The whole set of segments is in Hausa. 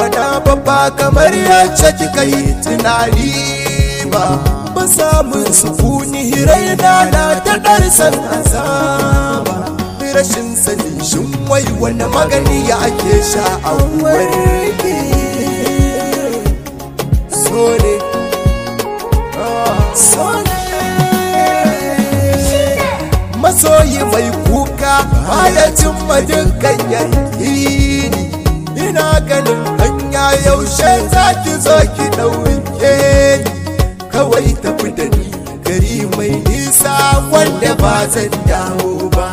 bana babba kamar ce kika yi tunani ba ba samun sukuni hirai da na ta ɗarsan azaba rashin sanin shin wai wani magani ya ake sha a warke sore masoyi mai kuka baya cin madin ina ganin na yaushe za ki zo ki ɗauke kawai tafi da ni gari mai nisa wanda ba zan dawo ba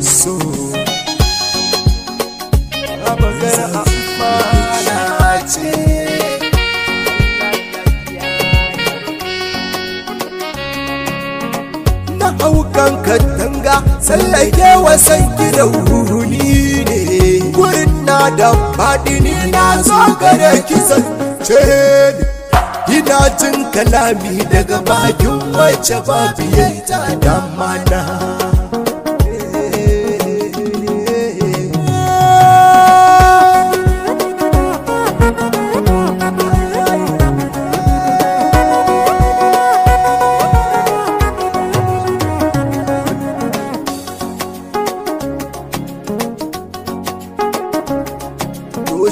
so ce na haukan katanga Sallake wasan gida adam baɗini na zo gare kisan ce ina jin kalami daga bakin wacce babu yayi ta damana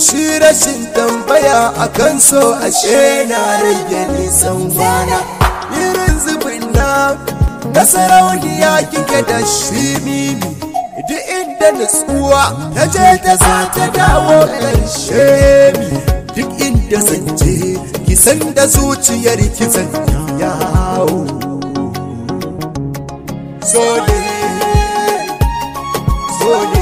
shi rashin tambaya a kan so ashe na rage nisan gwana irin zubin na na sarauniya kike da shi Mimi duk inda nutsuwa na je ta za ta dawo ƙarshe mi duk inda zance kisan da zuciyar kisan yawo so ne so ne